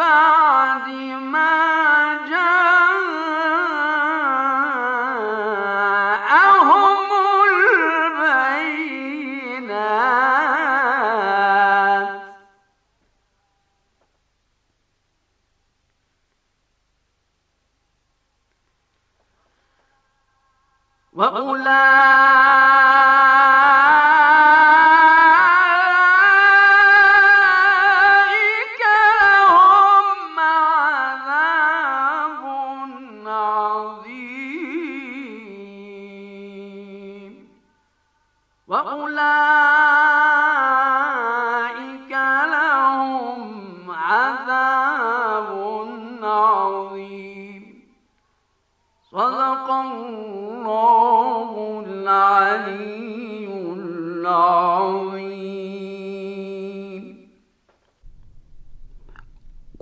بعد ما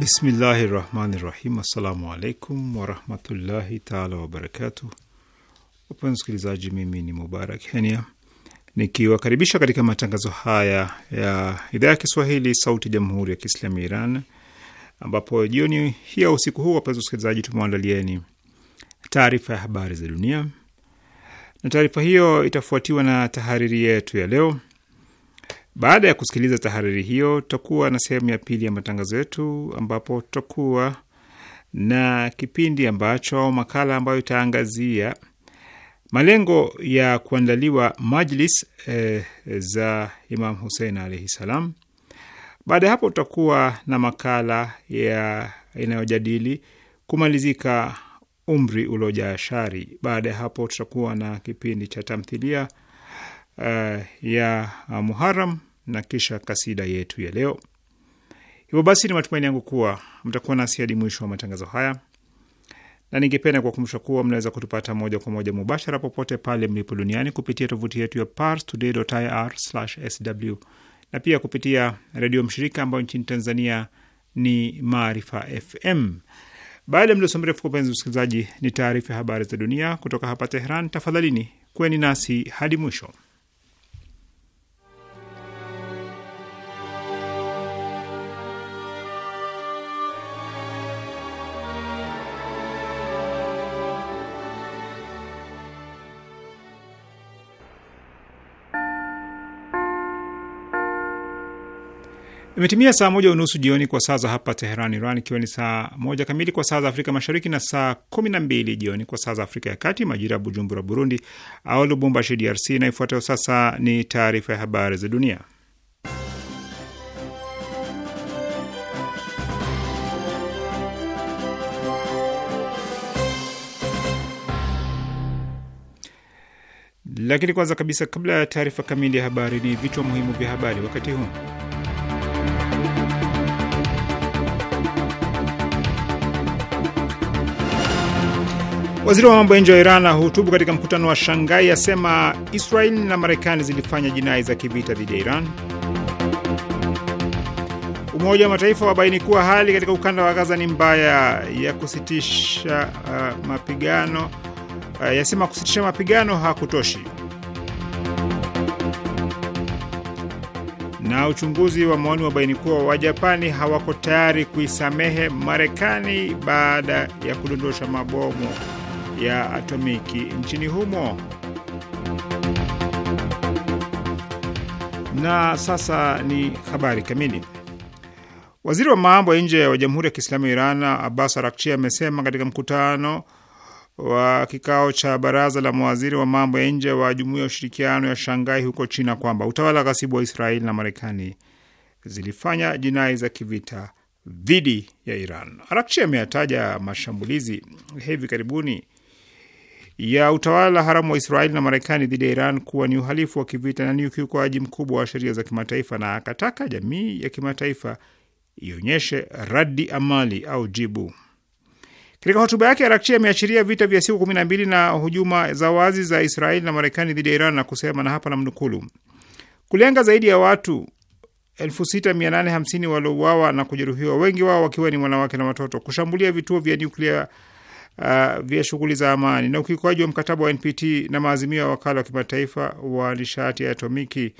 Bismillahi rahmani rahim. Assalamu alaikum warahmatullahi taala wabarakatuh. Wapenzi msikilizaji, mimi ni Mubarak Kenya nikiwakaribisha katika matangazo haya ya idhaa ya Kiswahili sauti ya jamhuri ya Kiislamu ya Iran, ambapo jioni hii usiku huu, wapenzi usikilizaji tumewaandalieni taarifa ya habari za dunia, na taarifa hiyo itafuatiwa na tahariri yetu ya leo baada ya kusikiliza tahariri hiyo, tutakuwa na sehemu ya pili ya matangazo yetu, ambapo tutakuwa na kipindi ambacho makala ambayo itaangazia malengo ya kuandaliwa majlis eh, za Imam Husein alaihi salam. Baada ya hapo, tutakuwa na makala ya inayojadili kumalizika umri uliojaa shari. Baada ya hapo, tutakuwa na kipindi cha tamthilia eh, ya Muharam na kisha kasida yetu ya leo. Hivyo basi, ni matumaini yangu kuwa mtakuwa nasi hadi mwisho wa matangazo haya, na ningependa kuwakumbusha kuwa mnaweza kutupata moja kwa moja mubashara popote pale mlipo duniani kupitia tovuti yetu ya parstoday.ir/sw na pia kupitia redio mshirika ambayo nchini Tanzania ni Maarifa FM. Baada ya mdoso mrefu, kwa upenzi ni taarifa ya habari za dunia kutoka hapa Teheran. Tafadhalini kweni nasi hadi mwisho. Imetimia saa moja unusu jioni kwa saa za hapa Teheran, Iran, ikiwa ni saa moja kamili kwa saa za Afrika Mashariki na saa kumi na mbili jioni kwa saa za Afrika ya Kati, majira ya Bujumbura, Burundi, au Lubumbashi, DRC. Na ifuatayo sasa ni taarifa ya habari za dunia, lakini kwanza kabisa, kabla ya taarifa kamili ya habari, ni vichwa muhimu vya habari wakati huu. Waziri wa mambo ya nje wa Iran ahutubu katika mkutano wa Shangai asema Israeli na Marekani zilifanya jinai za kivita dhidi ya Iran. Umoja wa Mataifa wabaini kuwa hali katika ukanda wa Gaza ni mbaya ya kusitisha uh, mapigano uh, yasema kusitisha mapigano hakutoshi. Na uchunguzi wa maoni wabaini kuwa Wajapani hawako tayari kuisamehe Marekani baada ya kudondosha mabomu ya atomiki nchini humo. Na sasa ni habari kamili. Waziri wa mambo ya nje wa Jamhuri ya Kiislamu ya Iran Abbas Arakchi amesema katika mkutano wa kikao cha baraza la mawaziri wa mambo ya nje wa Jumuiya ya Ushirikiano ya Shangai huko China kwamba utawala ghasibu wa Israeli na Marekani zilifanya jinai za kivita dhidi ya Iran. Arakchi ameyataja mashambulizi hivi karibuni ya utawala haramu wa Israeli na Marekani dhidi ya Iran kuwa ni uhalifu wa kivita na ni ukiukwaji mkubwa wa sheria za kimataifa, na akataka jamii ya kimataifa ionyeshe radi amali au jibu. Katika hotuba yake, Arakchi ameashiria vita vya siku kumi na mbili na hujuma za wazi za Israeli na Marekani dhidi ya Iran na kusema, na hapa namnukulu, kulenga zaidi ya watu 6850 waliouawa na kujeruhiwa, wengi wao wakiwa ni wanawake na watoto, kushambulia vituo vya nyuklia uh, vya shughuli za amani na ukiukaji wa mkataba wa NPT na maazimio ya wakala wa kimataifa wa nishati ya atomiki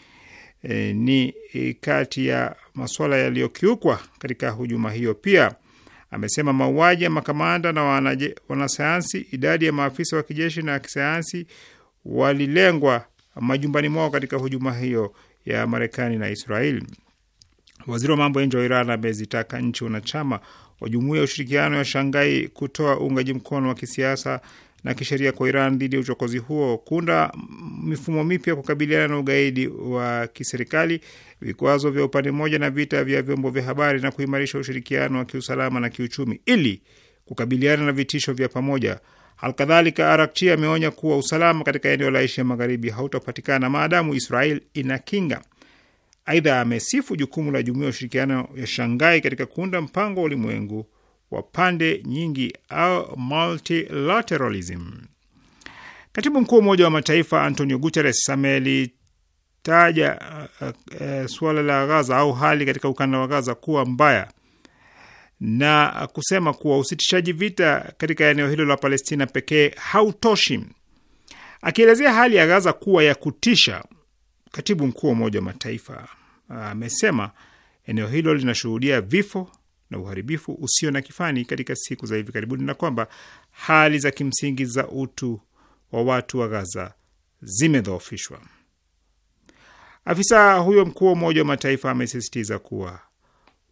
eh, ni eh, kati ya masuala yaliyokiukwa katika hujuma hiyo. Pia amesema mauaji ya makamanda na wanaje, wanasayansi, idadi ya maafisa wa kijeshi na kisayansi walilengwa majumbani mwao katika hujuma hiyo ya Marekani na Israeli. Waziri wa mambo ya nje wa Iran amezitaka nchi wanachama wa Jumuiya ya Ushirikiano ya Shangai kutoa uungaji mkono wa kisiasa na kisheria kwa Iran dhidi ya uchokozi huo, kuunda mifumo mipya kukabiliana na ugaidi wa kiserikali, vikwazo vya upande mmoja na vita vya vyombo vya habari, na kuimarisha ushirikiano wa kiusalama na kiuchumi ili kukabiliana na vitisho vya pamoja. Halkadhalika, Arakchi ameonya kuwa usalama katika eneo la Asia Magharibi hautapatikana maadamu Israel inakinga Aidha, amesifu jukumu la Jumuiya ya Ushirikiano ya shangai katika kuunda mpango wa ulimwengu wa pande nyingi au multilateralism. Katibu mkuu wa Umoja wa Mataifa Antonio Guterres amelitaja uh, uh, suala la Gaza au hali katika ukanda wa Gaza kuwa mbaya na kusema kuwa usitishaji vita katika eneo hilo la Palestina pekee hautoshi. Akielezea hali ya Gaza kuwa ya kutisha, katibu mkuu wa Umoja wa Mataifa amesema uh, eneo hilo linashuhudia vifo na uharibifu usio na kifani katika siku za hivi karibuni na kwamba hali za kimsingi za utu wa watu wa Gaza zimedhoofishwa. Afisa huyo mkuu wa Umoja wa Mataifa amesisitiza kuwa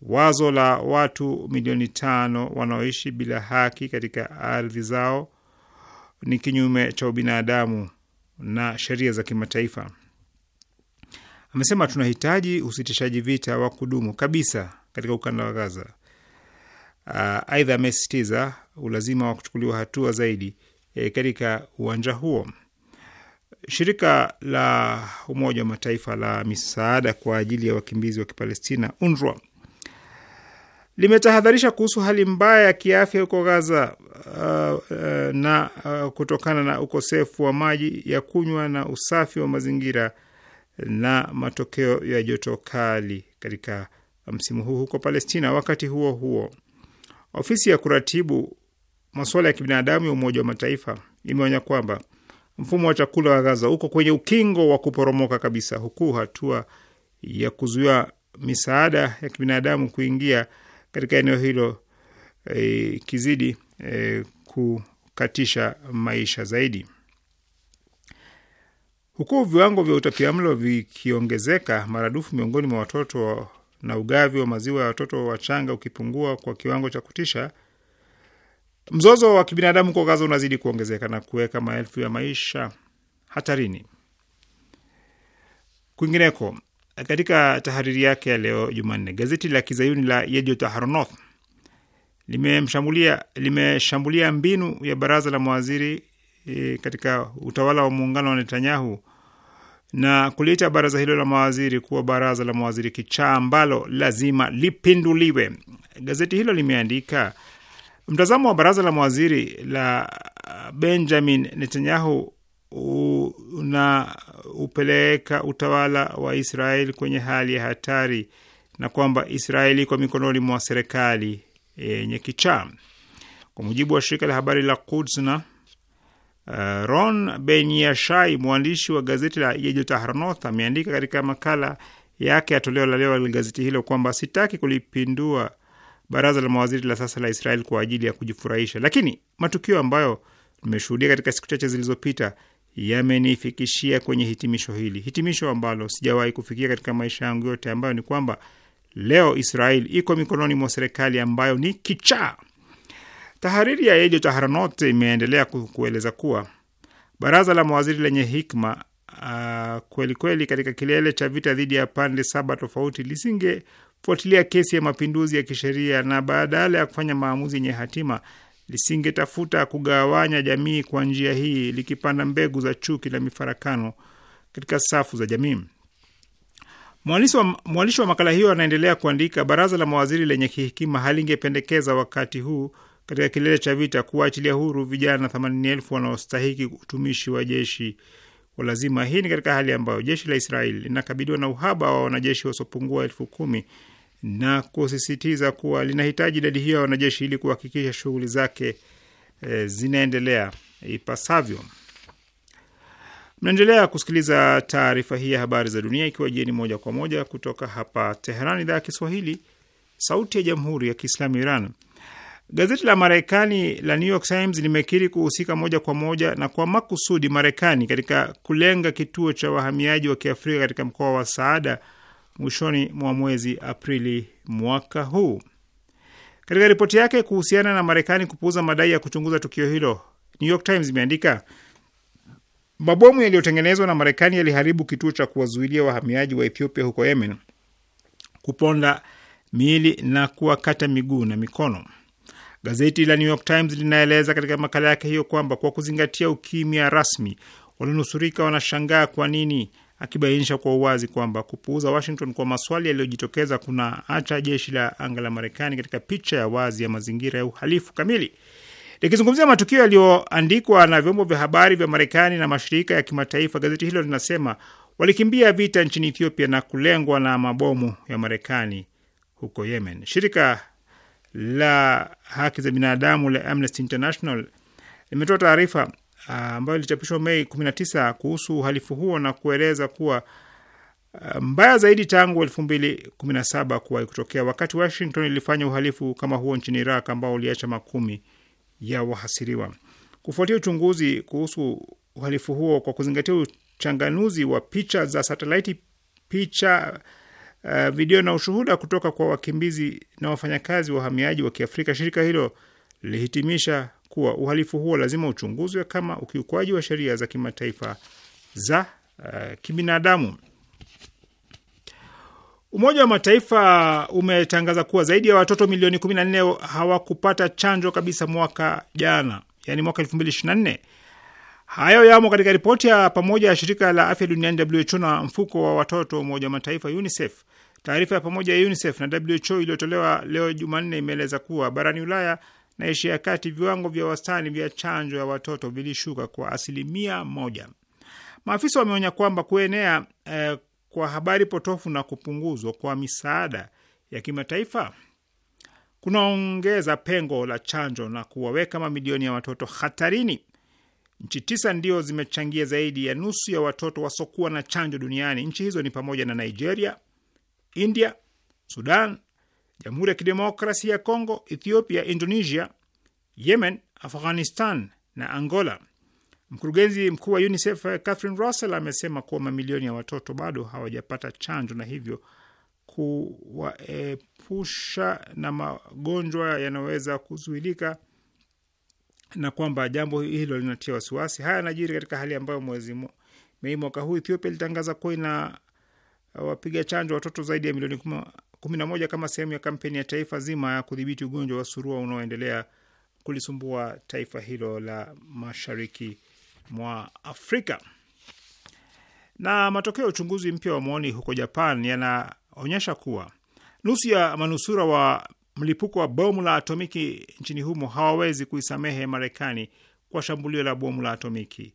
wazo la watu milioni tano wanaoishi bila haki katika ardhi zao ni kinyume cha ubinadamu na sheria za kimataifa amesema tunahitaji usitishaji vita wa kudumu kabisa katika ukanda wa Gaza. Uh, aidha, uh, amesisitiza ulazima wa kuchukuliwa hatua zaidi e, katika uwanja huo. Shirika la Umoja wa Mataifa la misaada kwa ajili ya wakimbizi wa Kipalestina, UNRWA, limetahadharisha kuhusu hali mbaya ya kiafya huko Gaza uh, uh, na uh, kutokana na ukosefu wa maji ya kunywa na usafi wa mazingira na matokeo ya joto kali katika msimu huu huko Palestina. Wakati huo huo, ofisi ya kuratibu masuala ya kibinadamu ya Umoja wa Mataifa imeonya kwamba mfumo wa chakula wa Gaza uko kwenye ukingo wa kuporomoka kabisa, huku hatua ya kuzuia misaada ya kibinadamu kuingia katika eneo hilo eh, ikizidi e, e, kukatisha maisha zaidi. Huku viwango vya utapiamlo vikiongezeka maradufu miongoni mwa watoto na ugavi wa maziwa ya watoto wachanga ukipungua kwa kiwango cha kutisha, mzozo wa kibinadamu kwa Gaza unazidi kuongezeka na kuweka maelfu ya maisha hatarini. Kwingineko, katika tahariri yake ya leo Jumanne, gazeti la kizayuni la Yediot Ahronoth limeshambulia limeshambulia mbinu ya baraza la mawaziri e, katika utawala wa muungano wa Netanyahu na kuliita baraza hilo la mawaziri kuwa baraza la mawaziri kichaa ambalo lazima lipinduliwe. Gazeti hilo limeandika mtazamo wa baraza la mawaziri la uh, Benjamin Netanyahu unaupeleka utawala wa Israeli kwenye hali ya hatari na kwamba Israeli iko mikononi mwa serikali yenye kichaa. Kwa mujibu wa shirika la habari la Quds na Uh, Ron Benyashai, mwandishi wa gazeti la Yediot Ahronoth, ameandika katika makala yake ya toleo la leo la gazeti hilo kwamba sitaki kulipindua baraza la mawaziri la sasa la Israel kwa ajili ya kujifurahisha, lakini matukio ambayo nimeshuhudia katika siku chache zilizopita yamenifikishia kwenye hitimisho hili, hitimisho ambalo sijawahi kufikia katika maisha yangu yote, ambayo ni kwamba leo Israel iko mikononi mwa serikali ambayo ni kichaa Tahariri ya Redio Taharanot imeendelea kueleza kuwa baraza la mawaziri lenye hikma uh, kweli kweli katika kilele cha vita dhidi ya pande saba tofauti lisingefuatilia kesi ya mapinduzi ya kisheria na badala ya kufanya maamuzi yenye hatima lisingetafuta kugawanya jamii kwa njia hii, likipanda mbegu za chuki na mifarakano katika safu za jamii. Mwalishi wa makala hiyo anaendelea kuandika, baraza la mawaziri lenye kihikima halingependekeza wakati huu katika kilele cha vita, kuwaachilia huru vijana themanini elfu wanaostahiki utumishi wa jeshi wa lazima. Hii ni katika hali ambayo jeshi la Israel linakabiliwa na uhaba wa wanajeshi wasiopungua elfu kumi na kusisitiza kuwa linahitaji idadi hiyo ya wanajeshi ili kuhakikisha shughuli zake e, zinaendelea ipasavyo. Mnaendelea kusikiliza taarifa hii ya habari za dunia ikiwa jieni moja kwa moja kutoka hapa Teheran, idhaa ya Kiswahili, sauti ya jamhuri ya kiislamu Iran. Gazeti la Marekani la New York Times limekiri kuhusika moja kwa moja na kwa makusudi Marekani katika kulenga kituo cha wahamiaji wa Kiafrika katika mkoa wa Saada mwishoni mwa mwezi Aprili mwaka huu. Katika ripoti yake kuhusiana na Marekani kupuuza madai ya kuchunguza tukio hilo, New York Times imeandika mabomu yaliyotengenezwa na Marekani yaliharibu kituo cha kuwazuilia wahamiaji wa Ethiopia huko Yemen, kuponda miili na kuwakata miguu na mikono. Gazeti la New York Times linaeleza katika makala yake hiyo kwamba kwa kuzingatia ukimya rasmi, walionusurika wanashangaa kwa nini, akibainisha kwa uwazi kwamba kupuuza Washington kwa maswali yaliyojitokeza kuna acha jeshi la anga la Marekani katika picha ya wazi ya mazingira ya uhalifu kamili. Likizungumzia matukio yaliyoandikwa na vyombo vya habari vya Marekani na mashirika ya kimataifa, gazeti hilo linasema walikimbia vita nchini Ethiopia na kulengwa na mabomu ya Marekani huko Yemen. Shirika la haki za binadamu la Amnesty International limetoa taarifa ah, ambayo ilichapishwa Mei 19 kuhusu uhalifu huo na kueleza kuwa ah, mbaya zaidi tangu 2017 kuwahi kutokea, wakati Washington ilifanya uhalifu kama huo nchini Iraq ambao uliacha makumi ya wahasiriwa. Kufuatia uchunguzi kuhusu uhalifu huo kwa kuzingatia uchanganuzi wa picha za satelaiti, picha uh, video na ushuhuda kutoka kwa wakimbizi na wafanyakazi wa uhamiaji wa Kiafrika, shirika hilo lilihitimisha kuwa uhalifu huo lazima uchunguzwe kama ukiukwaji wa sheria za kimataifa za uh, kibinadamu. Umoja wa Mataifa umetangaza kuwa zaidi ya watoto milioni 14 hawakupata chanjo kabisa mwaka jana, yani mwaka 2024 Hayo yamo katika ripoti ya pamoja ya shirika la afya duniani WHO na mfuko wa watoto wa Umoja wa Mataifa UNICEF. Taarifa ya pamoja ya UNICEF na WHO iliyotolewa leo Jumanne imeeleza kuwa barani Ulaya na Asia ya Kati, viwango vya wastani vya chanjo ya watoto vilishuka kwa asilimia moja. Maafisa wameonya kwamba kuenea eh, kwa habari potofu na kupunguzwa kwa misaada ya kimataifa kunaongeza pengo la chanjo na kuwaweka mamilioni ya watoto hatarini. Nchi tisa ndio zimechangia zaidi ya nusu ya watoto wasokuwa na chanjo duniani. Nchi hizo ni pamoja na Nigeria, India, Sudan, Jamhuri ya Kidemokrasia ya Kongo, Ethiopia, Indonesia, Yemen, Afghanistan na Angola. Mkurugenzi mkuu wa UNICEF Catherine Russell amesema kuwa mamilioni ya watoto bado hawajapata chanjo na hivyo kuwaepusha na magonjwa yanayoweza kuzuilika na kwamba jambo hilo linatia wasiwasi. Haya yanajiri katika hali ambayo mwezi Mei mwaka huu Ethiopia ilitangaza kuwa ina uh, wapiga chanjo watoto zaidi ya milioni kumi na moja kama sehemu ya kampeni ya taifa zima ya kudhibiti ugonjwa wa surua unaoendelea kulisumbua taifa hilo la mashariki mwa Afrika. Na matokeo ya uchunguzi mpya wa maoni huko Japan yanaonyesha kuwa nusu ya manusura wa mlipuko wa bomu la atomiki nchini humo hawawezi kuisamehe Marekani kwa shambulio la bomu la atomiki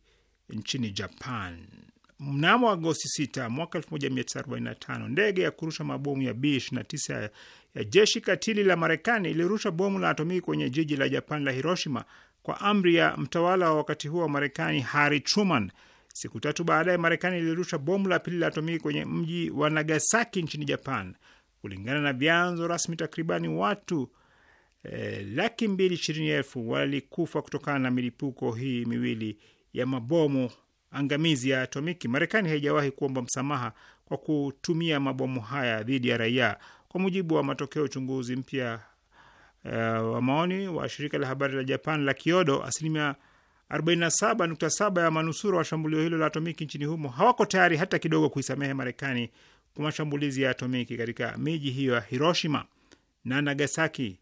nchini Japan. Mnamo Agosti 6 mwaka 1945 ndege ya kurusha mabomu ya B29 ya jeshi katili la Marekani ilirusha bomu la atomiki kwenye jiji la Japan la Hiroshima kwa amri ya mtawala wa wakati huo wa Marekani, Harry Truman. Siku tatu baadaye, Marekani ilirusha bomu la pili la atomiki kwenye mji wa Nagasaki nchini Japan. Kulingana na vyanzo rasmi, takribani watu eh, laki mbili ishirini elfu walikufa kutokana na milipuko hii miwili ya mabomu angamizi ya atomiki. Marekani haijawahi kuomba msamaha kwa kutumia mabomu haya dhidi ya raia, kwa mujibu wa matokeo ya uchunguzi mpya eh, wa maoni wa shirika la habari la Japan la Kyodo. Asilimia 47.7 ya manusura wa shambulio hilo la atomiki nchini humo hawako tayari hata kidogo kuisamehe Marekani kwa mashambulizi ya atomiki katika miji hiyo ya Hiroshima na Nagasaki.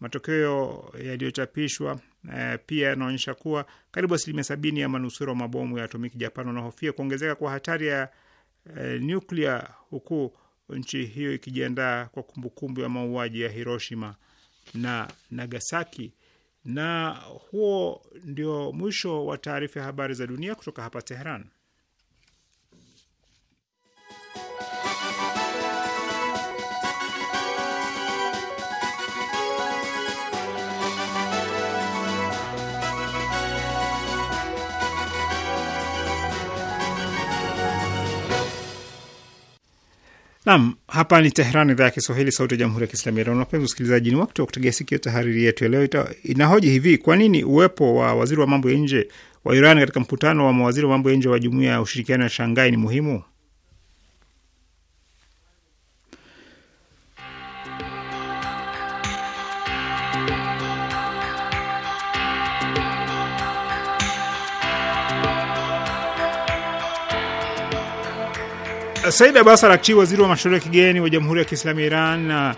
Matokeo yaliyochapishwa eh, pia yanaonyesha kuwa karibu asilimia sabini ya manusura wa mabomu ya atomiki Japan wanahofia kuongezeka kwa hatari ya eh, nuklia, huku nchi hiyo ikijiandaa kwa kumbukumbu ya mauaji ya Hiroshima na Nagasaki. Na huo ndio mwisho wa taarifa ya habari za dunia kutoka hapa Teheran. nam hapa ni teheran idhaa ya Kiswahili, sauti ya jamhuri ya kiislamu ya Iran. Wapenzi usikilizaji, ni wakati wa kutegea sikio. Tahariri yetu ya leo inahoji hivi: kwa nini uwepo wa waziri wa mambo ya nje wa Iran katika mkutano wa mawaziri wa mambo ya nje wa jumuiya ya ushirikiano ya shangai ni muhimu? Said Abbas Arakchi, waziri wa mashauri ya kigeni wa Jamhuri ya Kiislamu ya Iran na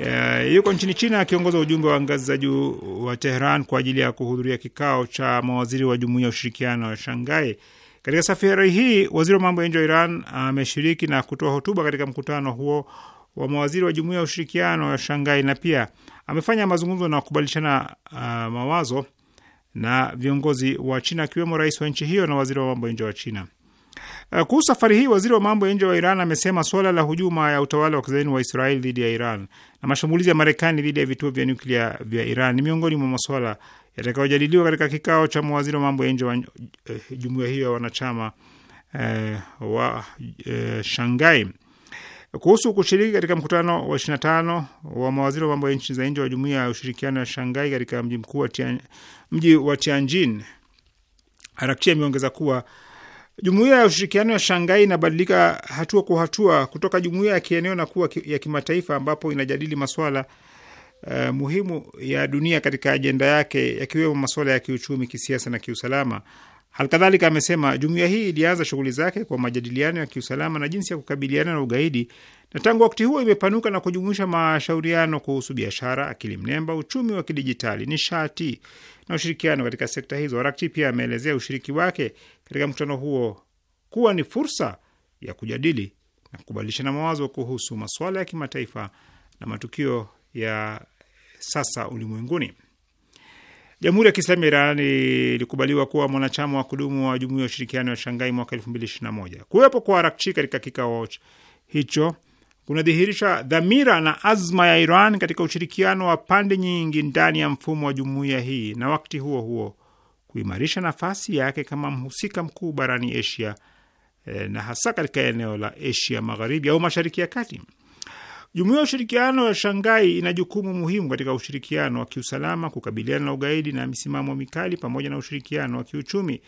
Uh, yuko nchini China akiongoza ujumbe wa ngazi za juu wa Tehran kwa ajili ya kuhudhuria kikao cha mawaziri wa Jumuiya ya Ushirikiano wa Shanghai. Katika safari hii, waziri wa mambo ya nje wa Iran ameshiriki uh, na kutoa hotuba katika mkutano huo wa mawaziri wa Jumuiya ya Ushirikiano wa Shanghai na pia amefanya mazungumzo na kukubalishana uh, mawazo na viongozi wa China akiwemo rais wa nchi hiyo na waziri wa mambo ya nje wa China. Uh, kuhusu safari hii, waziri wa mambo ya nje wa Iran amesema suala la hujuma ya utawala wa kizaini wa Israeli dhidi ya Iran na mashambulizi ya Marekani dhidi ya vituo vya nyuklia vya Iran ni miongoni mwa masuala yatakayojadiliwa katika kikao cha mawaziri wa mambo ya nje wa eh, jumuiya hiyo ya wanachama eh, wa eh, Shanghai. Kuhusu kushiriki katika mkutano wa 25 wa mawaziri wa mambo ya nchi za nje wa jumuiya ya ushirikiano ya Shanghai katika mji mkuu wa Tian, mji wa Tianjin, Arakchi ameongeza kuwa Jumuiya ya ushirikiano ya Shangai inabadilika hatua kwa hatua kutoka jumuiya ya kieneo na kuwa ya kimataifa, ambapo inajadili masuala uh, eh, muhimu ya dunia katika ajenda yake, yakiwemo masuala ya kiuchumi, kisiasa na kiusalama. Halikadhalika amesema jumuiya hii ilianza shughuli zake kwa majadiliano ya kiusalama na jinsi ya kukabiliana na ugaidi, na tangu wakati huo imepanuka na kujumuisha mashauriano kuhusu biashara, akili mnemba, uchumi wa kidijitali, nishati na ushirikiano katika sekta hizo. Rakti pia ameelezea ushiriki wake katika mkutano huo kuwa ni fursa ya kujadili na kubadilishana mawazo kuhusu masuala ya kimataifa na matukio ya sasa ulimwenguni. Jamhuri ya Kiislamu ya Iran ilikubaliwa kuwa mwanachama wa kudumu wa Jumuiya ya Ushirikiano wa Shangai mwaka moja. Kuwepo kwa Arakchi katika kikao hicho kunadhihirisha dhamira na azma ya Iran katika ushirikiano wa pande nyingi ndani ya mfumo wa jumuiya hii, na wakati huo huo kuimarisha nafasi yake kama mhusika mkuu barani Asia eh, na hasa katika eneo la Asia Magharibi au Mashariki ya Kati. Jumuiya ya ushirikiano ya Shangai ina jukumu muhimu katika ushirikiano wa kiusalama, kukabiliana na ugaidi na misimamo mikali, pamoja na ushirikiano wa kiuchumi.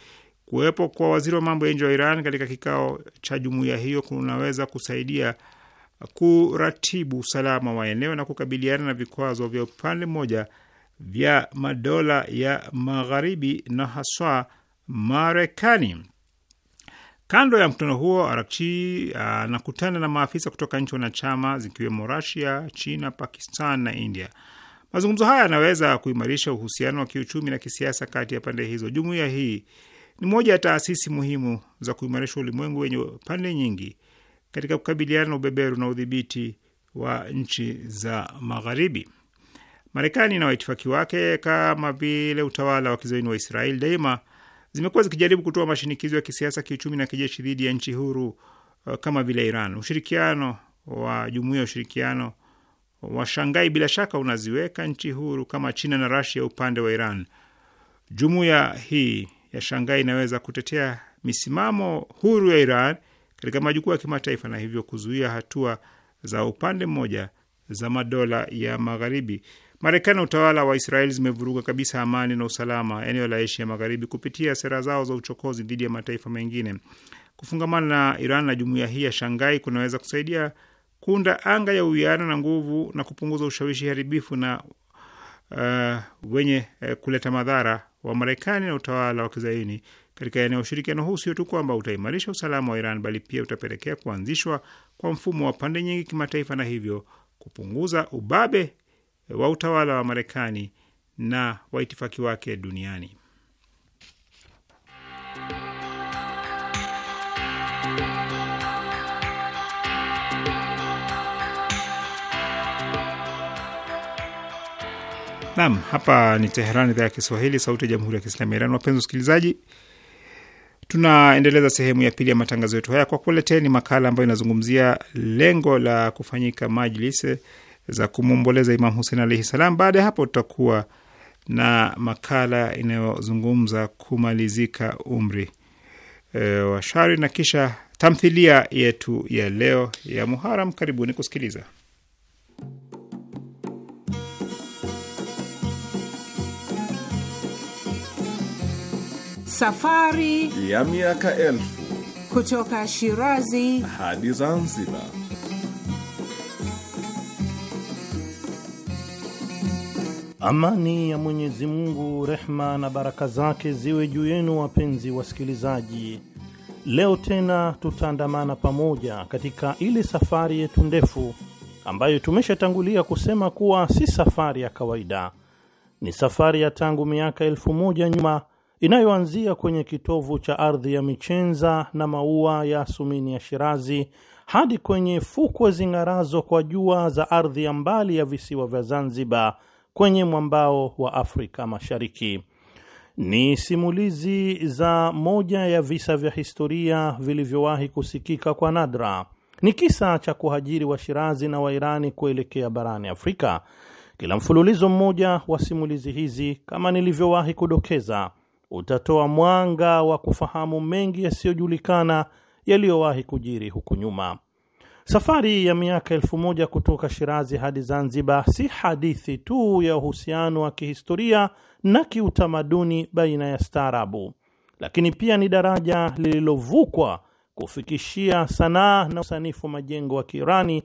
Kuwepo kwa waziri wa mambo ya nje wa Iran katika kikao cha jumuiya hiyo kunaweza kusaidia kuratibu usalama wa eneo na kukabiliana na vikwazo vya upande mmoja vya madola ya magharibi na haswa Marekani. Kando ya mkutano huo, Arakchi ah, anakutana na maafisa kutoka nchi wanachama zikiwemo Rusia, China, Pakistan na India. Mazungumzo haya yanaweza kuimarisha uhusiano wa kiuchumi na kisiasa kati ya pande hizo. Jumuiya hii ni moja ya taasisi muhimu za kuimarisha ulimwengu wenye pande nyingi katika kukabiliana na ubeberu na udhibiti wa nchi za Magharibi. Marekani na waitifaki wake kama vile utawala wa kizoini wa Israel daima zimekuwa zikijaribu kutoa mashinikizo ya kisiasa, kiuchumi na kijeshi dhidi ya nchi huru uh, kama vile Iran. Ushirikiano wa Jumuiya ya Ushirikiano wa Shangai bila shaka unaziweka nchi huru kama China na Rasia upande wa Iran. Jumuiya hii ya Shangai inaweza kutetea misimamo huru ya Iran katika majukwaa ya kimataifa na hivyo kuzuia hatua za upande mmoja za madola ya Magharibi. Marekani na utawala wa Israeli zimevuruga kabisa amani na usalama eneo la Asia Magharibi kupitia sera zao za uchokozi dhidi ya mataifa mengine. Kufungamana na Iran na jumuiya hii ya Shangai kunaweza kusaidia kuunda anga ya uwiana na nguvu na kupunguza ushawishi haribifu na uh, wenye uh, kuleta madhara wa Marekani na utawala wa kizaini katika eneo. Ushirikiano huu sio tu kwamba utaimarisha usalama wa Iran bali pia utapelekea kuanzishwa kwa mfumo wa pande nyingi kimataifa na hivyo kupunguza ubabe wa utawala wa Marekani na waitifaki wake duniani. Nam, hapa ni Teheran, idhaa ya Kiswahili, sauti ya jamhuri ya kiislamu ya Iran. Wapenzi wasikilizaji, tunaendeleza sehemu ya pili ya matangazo yetu haya kwa kuleteni makala ambayo inazungumzia lengo la kufanyika majlis za kumwomboleza Imam Husein alaihi salam. Baada ya hapo, tutakuwa na makala inayozungumza kumalizika umri e, wa shari na kisha tamthilia yetu ya leo ya Muharam. Karibuni kusikiliza. Safari ya miaka elfu kutoka Shirazi hadi Zanzibar Amani ya Mwenyezi Mungu, rehma na baraka zake ziwe juu yenu, wapenzi wasikilizaji. Leo tena tutaandamana pamoja katika ile safari yetu ndefu ambayo tumeshatangulia kusema kuwa si safari ya kawaida. Ni safari ya tangu miaka elfu moja nyuma inayoanzia kwenye kitovu cha ardhi ya michenza na maua ya Sumini ya Shirazi hadi kwenye fukwe zing'arazo kwa jua za ardhi ya mbali ya visiwa vya Zanzibar kwenye mwambao wa Afrika Mashariki. Ni simulizi za moja ya visa vya historia vilivyowahi kusikika kwa nadra. Ni kisa cha kuhajiri Washirazi na Wairani kuelekea barani Afrika. Kila mfululizo mmoja wa simulizi hizi, kama nilivyowahi kudokeza, utatoa mwanga wa kufahamu mengi yasiyojulikana yaliyowahi kujiri huku nyuma. Safari ya miaka elfu moja kutoka Shirazi hadi Zanzibar si hadithi tu ya uhusiano wa kihistoria na kiutamaduni baina ya staarabu, lakini pia ni daraja lililovukwa kufikishia sanaa na usanifu majengo wa Kiirani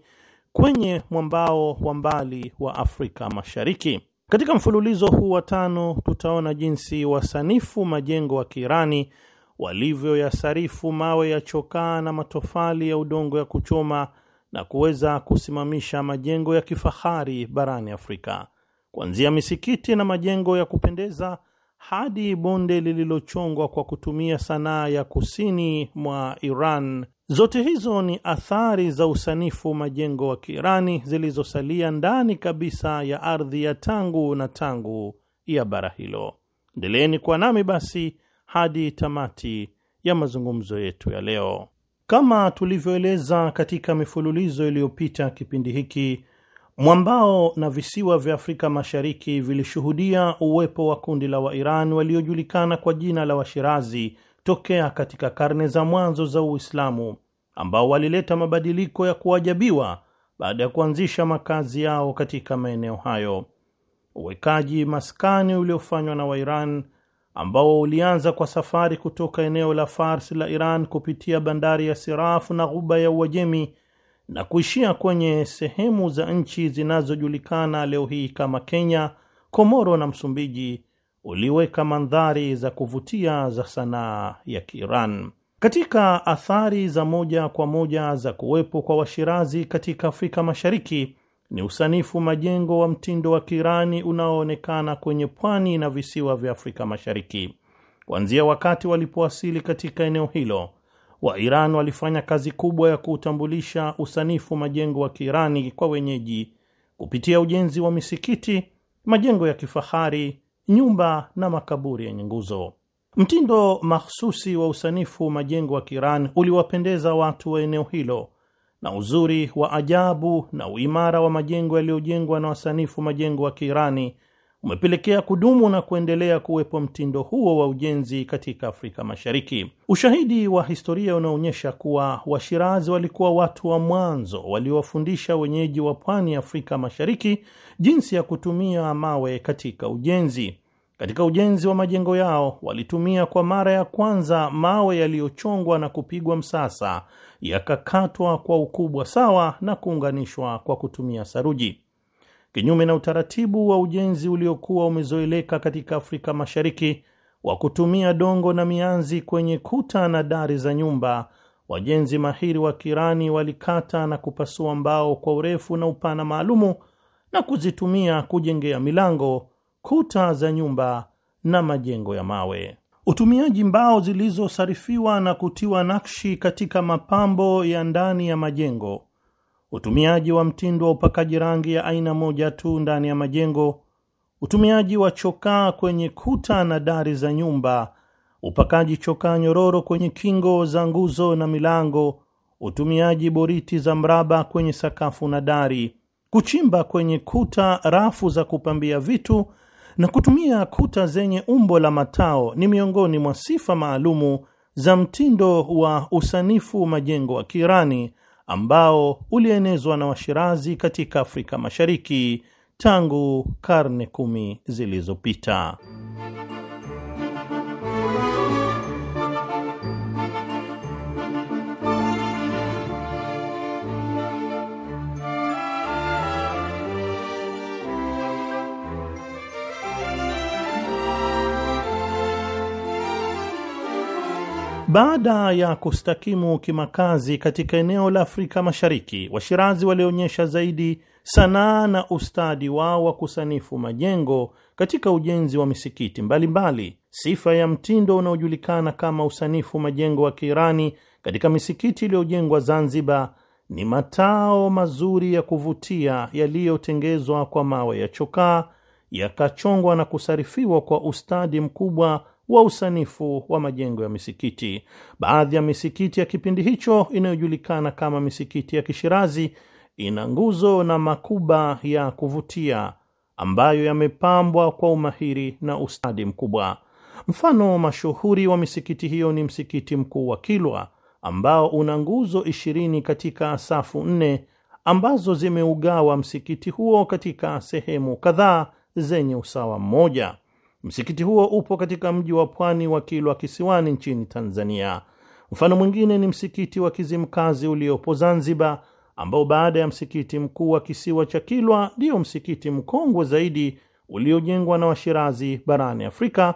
kwenye mwambao wa mbali wa Afrika Mashariki. Katika mfululizo huu wa tano, tutaona jinsi wasanifu majengo wa Kiirani walivyoyasarifu mawe ya chokaa na matofali ya udongo ya kuchoma na kuweza kusimamisha majengo ya kifahari barani Afrika, kuanzia misikiti na majengo ya kupendeza hadi bonde lililochongwa kwa kutumia sanaa ya kusini mwa Iran. Zote hizo ni athari za usanifu majengo wa Kiirani zilizosalia ndani kabisa ya ardhi ya tangu na tangu ya bara hilo. Endeleeni kuwa nami basi hadi tamati ya mazungumzo yetu ya leo. Kama tulivyoeleza katika mifululizo iliyopita, kipindi hiki mwambao na visiwa vya Afrika Mashariki vilishuhudia uwepo wa kundi la Wairan waliojulikana kwa jina la Washirazi tokea katika karne za mwanzo za Uislamu, ambao walileta mabadiliko ya kuajabiwa baada ya kuanzisha makazi yao katika maeneo hayo. Uwekaji maskani uliofanywa na Wairan ambao ulianza kwa safari kutoka eneo la Fars la Iran kupitia bandari ya Sirafu na ghuba ya Uajemi na kuishia kwenye sehemu za nchi zinazojulikana leo hii kama Kenya, Komoro na Msumbiji, uliweka mandhari za kuvutia za sanaa ya Kiiran. Katika athari za moja kwa moja za kuwepo kwa Washirazi katika Afrika Mashariki ni usanifu majengo wa mtindo wa Kirani unaoonekana kwenye pwani na visiwa vya Afrika Mashariki. Kuanzia wakati walipowasili katika eneo hilo, wairan walifanya kazi kubwa ya kuutambulisha usanifu majengo wa Kirani kwa wenyeji kupitia ujenzi wa misikiti, majengo ya kifahari, nyumba na makaburi yenye nguzo. Mtindo mahsusi wa usanifu majengo wa Kirani uliwapendeza watu wa eneo hilo na uzuri wa ajabu na uimara wa majengo yaliyojengwa na wasanifu majengo wa Kiirani umepelekea kudumu na kuendelea kuwepo mtindo huo wa ujenzi katika Afrika Mashariki. Ushahidi wa historia unaonyesha kuwa Washirazi walikuwa watu wa mwanzo waliowafundisha wenyeji wa pwani ya Afrika Mashariki jinsi ya kutumia mawe katika ujenzi. Katika ujenzi wa majengo yao walitumia kwa mara ya kwanza mawe yaliyochongwa na kupigwa msasa yakakatwa kwa ukubwa sawa na kuunganishwa kwa kutumia saruji. Kinyume na utaratibu wa ujenzi uliokuwa umezoeleka katika Afrika Mashariki wa kutumia dongo na mianzi kwenye kuta na dari za nyumba, wajenzi mahiri wa Kirani walikata na kupasua mbao kwa urefu na upana maalumu na kuzitumia kujengea milango, kuta za nyumba na majengo ya mawe. Utumiaji mbao zilizosarifiwa na kutiwa nakshi katika mapambo ya ndani ya majengo, utumiaji wa mtindo wa upakaji rangi ya aina moja tu ndani ya majengo, utumiaji wa chokaa kwenye kuta na dari za nyumba, upakaji chokaa nyororo kwenye kingo za nguzo na milango, utumiaji boriti za mraba kwenye sakafu na dari, kuchimba kwenye kuta rafu za kupambia vitu na kutumia kuta zenye umbo la matao ni miongoni mwa sifa maalumu za mtindo wa usanifu majengo wa Kiirani ambao ulienezwa na Washirazi katika Afrika Mashariki tangu karne kumi zilizopita. Baada ya kustakimu kimakazi katika eneo la Afrika Mashariki, Washirazi walionyesha zaidi sanaa na ustadi wao wa kusanifu majengo katika ujenzi wa misikiti mbalimbali mbali. Sifa ya mtindo unaojulikana kama usanifu majengo wa Kiirani katika misikiti iliyojengwa Zanzibar ni matao mazuri ya kuvutia yaliyotengezwa kwa mawe ya chokaa yakachongwa na kusarifiwa kwa ustadi mkubwa wa usanifu wa majengo ya misikiti. Baadhi ya misikiti ya kipindi hicho inayojulikana kama misikiti ya Kishirazi ina nguzo na makuba ya kuvutia ambayo yamepambwa kwa umahiri na ustadi mkubwa. Mfano mashuhuri wa misikiti hiyo ni msikiti mkuu wa Kilwa ambao una nguzo ishirini katika safu nne ambazo zimeugawa msikiti huo katika sehemu kadhaa zenye usawa mmoja. Msikiti huo upo katika mji wa pwani wa Kilwa Kisiwani nchini Tanzania. Mfano mwingine ni msikiti wa Kizimkazi uliopo Zanzibar, ambao baada ya msikiti mkuu wa kisiwa cha Kilwa ndiyo msikiti mkongwe zaidi uliojengwa na Washirazi barani Afrika,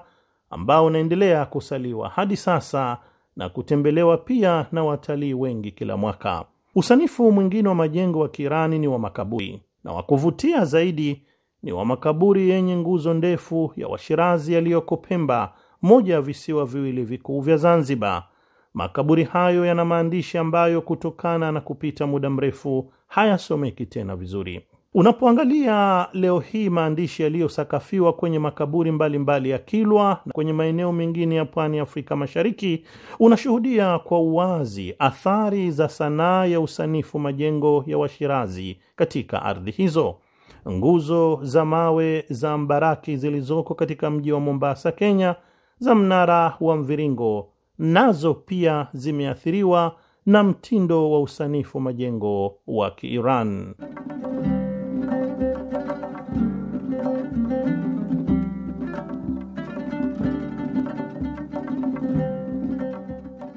ambao unaendelea kusaliwa hadi sasa na kutembelewa pia na watalii wengi kila mwaka. Usanifu mwingine wa majengo wa Kiirani ni wa makaburi na wa kuvutia zaidi ni wa makaburi yenye nguzo ndefu ya Washirazi yaliyoko Pemba, moja ya visiwa viwili vikuu vya Zanzibar. Makaburi hayo yana maandishi ambayo kutokana na kupita muda mrefu hayasomeki tena vizuri. Unapoangalia leo hii maandishi yaliyosakafiwa kwenye makaburi mbalimbali mbali ya Kilwa na kwenye maeneo mengine ya pwani ya Afrika Mashariki, unashuhudia kwa uwazi athari za sanaa ya usanifu majengo ya Washirazi katika ardhi hizo nguzo za mawe za mbaraki zilizoko katika mji wa Mombasa, Kenya, za mnara wa mviringo nazo pia zimeathiriwa na mtindo wa usanifu majengo wa Kiiran.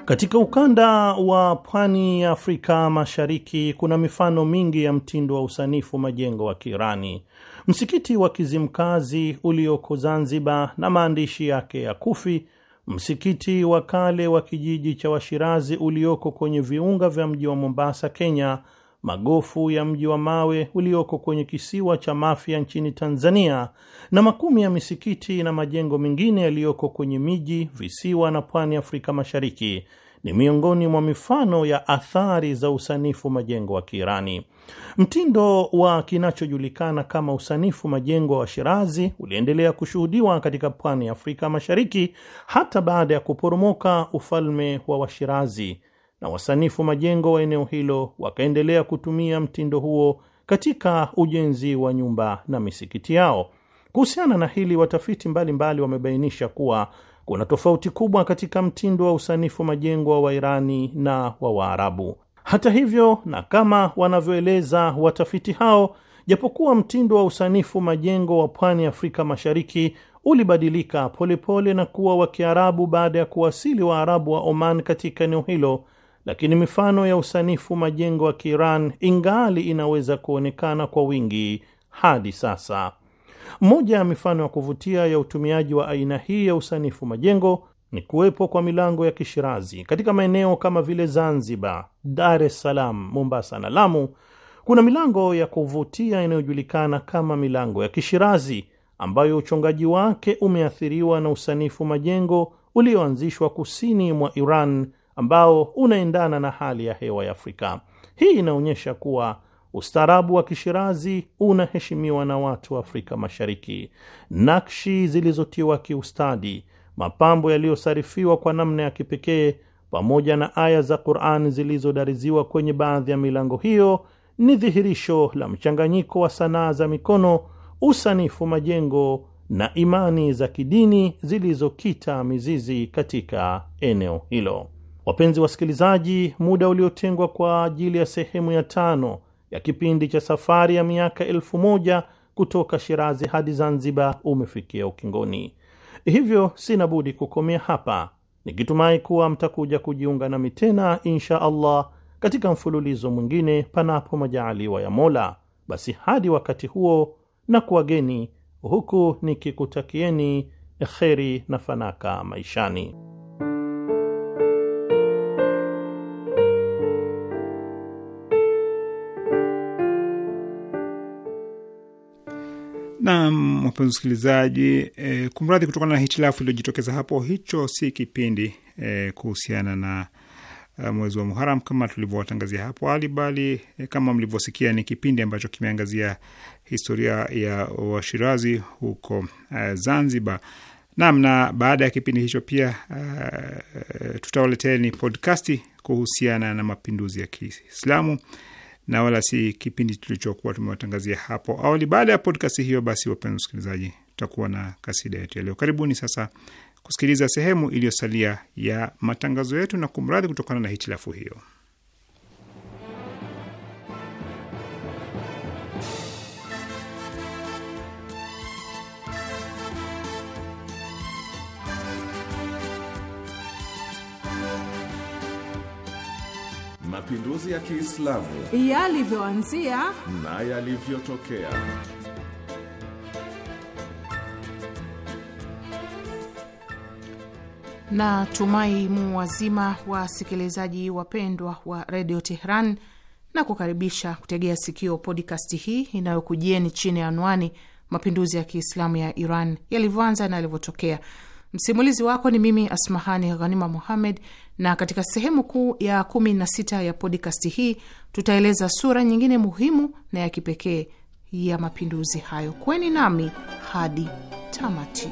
Katika ukanda wa pwani ya Afrika Mashariki kuna mifano mingi ya mtindo wa usanifu majengo wa Kiirani. Msikiti wa Kizimkazi ulioko Zanzibar na maandishi yake ya Kufi, msikiti wa kale wa kijiji cha Washirazi ulioko kwenye viunga vya mji wa Mombasa, Kenya, magofu ya mji wa mawe ulioko kwenye kisiwa cha Mafia nchini Tanzania, na makumi ya misikiti na majengo mengine yaliyoko kwenye miji, visiwa na pwani Afrika Mashariki ni miongoni mwa mifano ya athari za usanifu majengo wa Kiirani. Mtindo wa kinachojulikana kama usanifu majengo wa Shirazi uliendelea kushuhudiwa katika pwani ya Afrika Mashariki hata baada ya kuporomoka ufalme wa Washirazi na wasanifu majengo wa eneo hilo wakaendelea kutumia mtindo huo katika ujenzi wa nyumba na misikiti yao. Kuhusiana na hili, watafiti mbalimbali wamebainisha kuwa kuna tofauti kubwa katika mtindo wa usanifu majengo wa Wairani na wa Waarabu. Hata hivyo, na kama wanavyoeleza watafiti hao, japokuwa mtindo wa usanifu majengo wa pwani Afrika Mashariki ulibadilika polepole pole na kuwa wa Kiarabu baada ya kuwasili Waarabu wa Oman katika eneo hilo, lakini mifano ya usanifu majengo ya Kiiran ingali inaweza kuonekana kwa wingi hadi sasa. Moja ya mifano ya kuvutia ya utumiaji wa aina hii ya usanifu majengo ni kuwepo kwa milango ya Kishirazi katika maeneo kama vile Zanzibar, Dar es Salaam, Mombasa na Lamu. Kuna milango ya kuvutia inayojulikana kama milango ya Kishirazi ambayo uchongaji wake umeathiriwa na usanifu majengo ulioanzishwa kusini mwa Iran ambao unaendana na hali ya hewa ya Afrika. Hii inaonyesha kuwa ustaarabu wa Kishirazi unaheshimiwa na watu wa Afrika Mashariki. Nakshi zilizotiwa kiustadi, mapambo yaliyosarifiwa kwa namna ya kipekee, pamoja na aya za Qur'an zilizodariziwa kwenye baadhi ya milango hiyo ni dhihirisho la mchanganyiko wa sanaa za mikono, usanifu majengo na imani za kidini zilizokita mizizi katika eneo hilo. Wapenzi wasikilizaji, muda uliotengwa kwa ajili ya sehemu ya tano ya kipindi cha safari ya miaka elfu moja kutoka Shirazi hadi Zanzibar umefikia ukingoni, hivyo sina budi kukomea hapa nikitumai kuwa mtakuja kujiunga nami tena insha Allah katika mfululizo mwingine, panapo majaaliwa ya Mola. Basi hadi wakati huo, na kuwageni huku nikikutakieni kheri na fanaka maishani. Naam, wapenzi msikilizaji, e, kumradhi kutokana na hitilafu iliyojitokeza hapo. Hicho si kipindi e, kuhusiana na eh, mwezi wa Muharam kama tulivyowatangazia hapo awali, bali e, kama mlivyosikia ni kipindi ambacho kimeangazia historia ya Washirazi huko e, Zanzibar. Naam, na baada ya kipindi hicho pia uh, tutawaletea ni podcasti kuhusiana na mapinduzi ya Kiislamu na wala si kipindi tulichokuwa tumewatangazia hapo awali. Baada ya podcast hiyo, basi wapenzi wasikilizaji, tutakuwa na kasida yetu ya leo. Karibuni sasa kusikiliza sehemu iliyosalia ya matangazo yetu, na kumradhi kutokana na hitilafu hiyo. mapinduzi ya Kiislamu yalivyoanzia na yalivyotokea. Na tumai mu wazima wasikilizaji wapendwa wa redio Tehran na kukaribisha kutegea sikio podkasti hii inayokujieni chini ya anwani mapinduzi ya Kiislamu ya Iran yalivyoanza na yalivyotokea. Msimulizi wako ni mimi Asmahani Ghanima Muhammed, na katika sehemu kuu ya 16 ya podkasti hii tutaeleza sura nyingine muhimu na ya kipekee ya mapinduzi hayo. Kweni nami hadi tamati.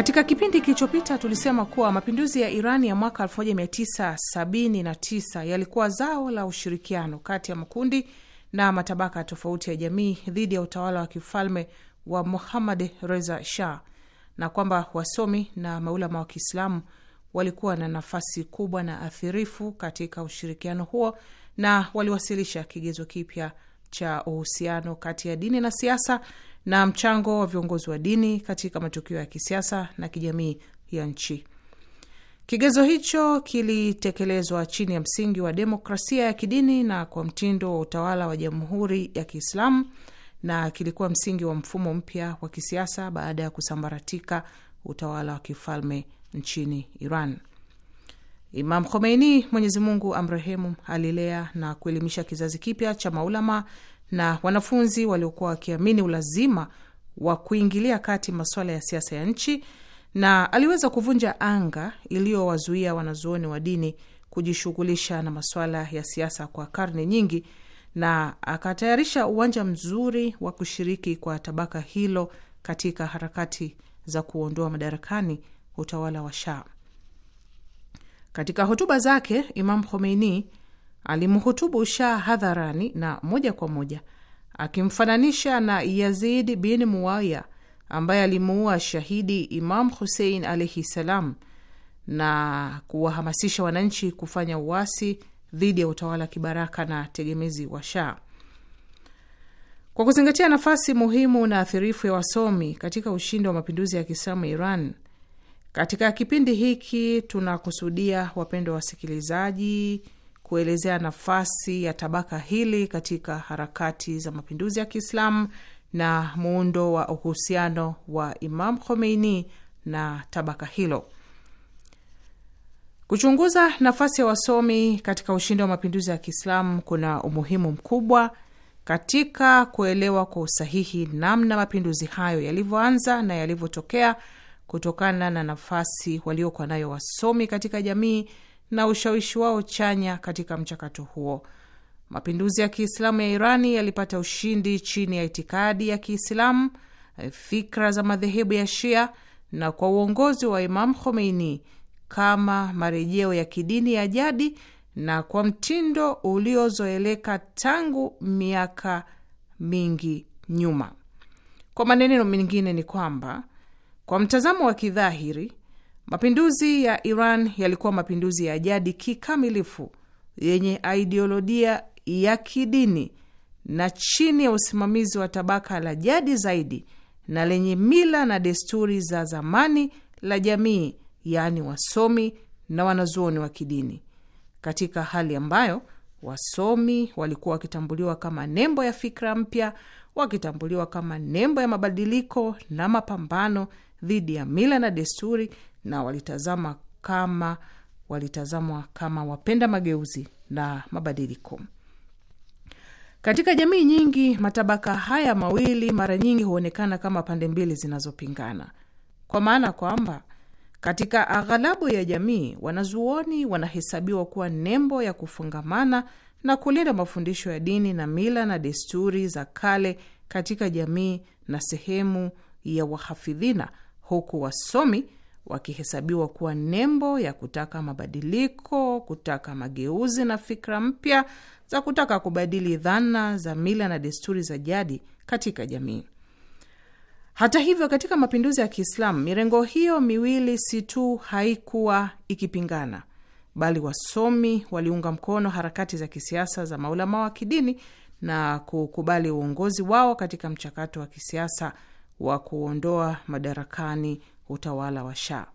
Katika kipindi kilichopita tulisema kuwa mapinduzi ya Irani ya mwaka 1979 yalikuwa zao la ushirikiano kati ya makundi na matabaka tofauti ya jamii dhidi ya utawala wa kifalme wa Muhammad Reza Shah, na kwamba wasomi na maulama wa Kiislamu walikuwa na nafasi kubwa na athirifu katika ushirikiano huo na waliwasilisha kigezo kipya cha uhusiano kati ya dini na siasa na mchango wa viongozi wa dini katika matukio ya kisiasa na kijamii ya nchi. Kigezo hicho kilitekelezwa chini ya msingi wa demokrasia ya kidini na kwa mtindo wa utawala wa Jamhuri ya Kiislamu na kilikuwa msingi wa mfumo mpya wa kisiasa baada ya kusambaratika utawala wa kifalme nchini Iran. Imam Khomeini, Mwenyezi Mungu amrehemu, alilea na kuelimisha kizazi kipya cha maulama na wanafunzi waliokuwa wakiamini ulazima wa kuingilia kati masuala ya siasa ya nchi, na aliweza kuvunja anga iliyowazuia wanazuoni wa dini kujishughulisha na masuala ya siasa kwa karne nyingi, na akatayarisha uwanja mzuri wa kushiriki kwa tabaka hilo katika harakati za kuondoa madarakani utawala wa Shah. Katika hotuba zake Imam Khomeini alimhutubu Shah hadharani na moja kwa moja akimfananisha na Yazid bin Muawiya ambaye alimuua shahidi Imam Husein alaihi salam na kuwahamasisha wananchi kufanya uasi dhidi ya utawala kibaraka na tegemezi wa Shah. Kwa kuzingatia nafasi muhimu na athirifu ya wasomi katika ushindi wa mapinduzi ya Kiislamu Iran, katika kipindi hiki tunakusudia, wapendwa wasikilizaji, kuelezea nafasi ya tabaka hili katika harakati za mapinduzi ya Kiislamu na muundo wa uhusiano wa Imam Khomeini na tabaka hilo, kuchunguza nafasi ya wasomi katika ushindi wa mapinduzi ya Kiislamu kuna umuhimu mkubwa katika kuelewa kwa usahihi namna mapinduzi hayo yalivyoanza na yalivyotokea, kutokana na nafasi waliokuwa nayo wasomi katika jamii na ushawishi wao chanya katika mchakato huo. Mapinduzi ya Kiislamu ya Irani yalipata ushindi chini ya itikadi ya Kiislamu, fikra za madhehebu ya Shia na kwa uongozi wa Imam Khomeini kama marejeo ya kidini ya jadi na kwa mtindo uliozoeleka tangu miaka mingi nyuma. Kwa maneno mengine ni kwamba kwa mtazamo wa kidhahiri Mapinduzi ya Iran yalikuwa mapinduzi ya jadi kikamilifu yenye aidiolojia ya kidini na chini ya usimamizi wa tabaka la jadi zaidi na lenye mila na desturi za zamani la jamii, yaani wasomi na wanazuoni wa kidini, katika hali ambayo wasomi walikuwa wakitambuliwa kama nembo ya fikra mpya, wakitambuliwa kama nembo ya mabadiliko na mapambano dhidi ya mila na desturi na walitazama kama walitazamwa kama wapenda mageuzi na mabadiliko. Katika jamii nyingi, matabaka haya mawili mara nyingi huonekana kama pande mbili zinazopingana, kwa maana kwamba katika aghalabu ya jamii wanazuoni wanahesabiwa kuwa nembo ya kufungamana na kulinda mafundisho ya dini na mila na desturi za kale katika jamii na sehemu ya wahafidhina, huku wasomi wakihesabiwa kuwa nembo ya kutaka mabadiliko, kutaka mageuzi na fikra mpya za kutaka kubadili dhana za mila na desturi za jadi katika jamii. Hata hivyo, katika mapinduzi ya Kiislamu mirengo hiyo miwili si tu haikuwa ikipingana, bali wasomi waliunga mkono harakati za kisiasa za maulama wa kidini na kukubali uongozi wao katika mchakato wa kisiasa wa kuondoa madarakani utawala wa Shah.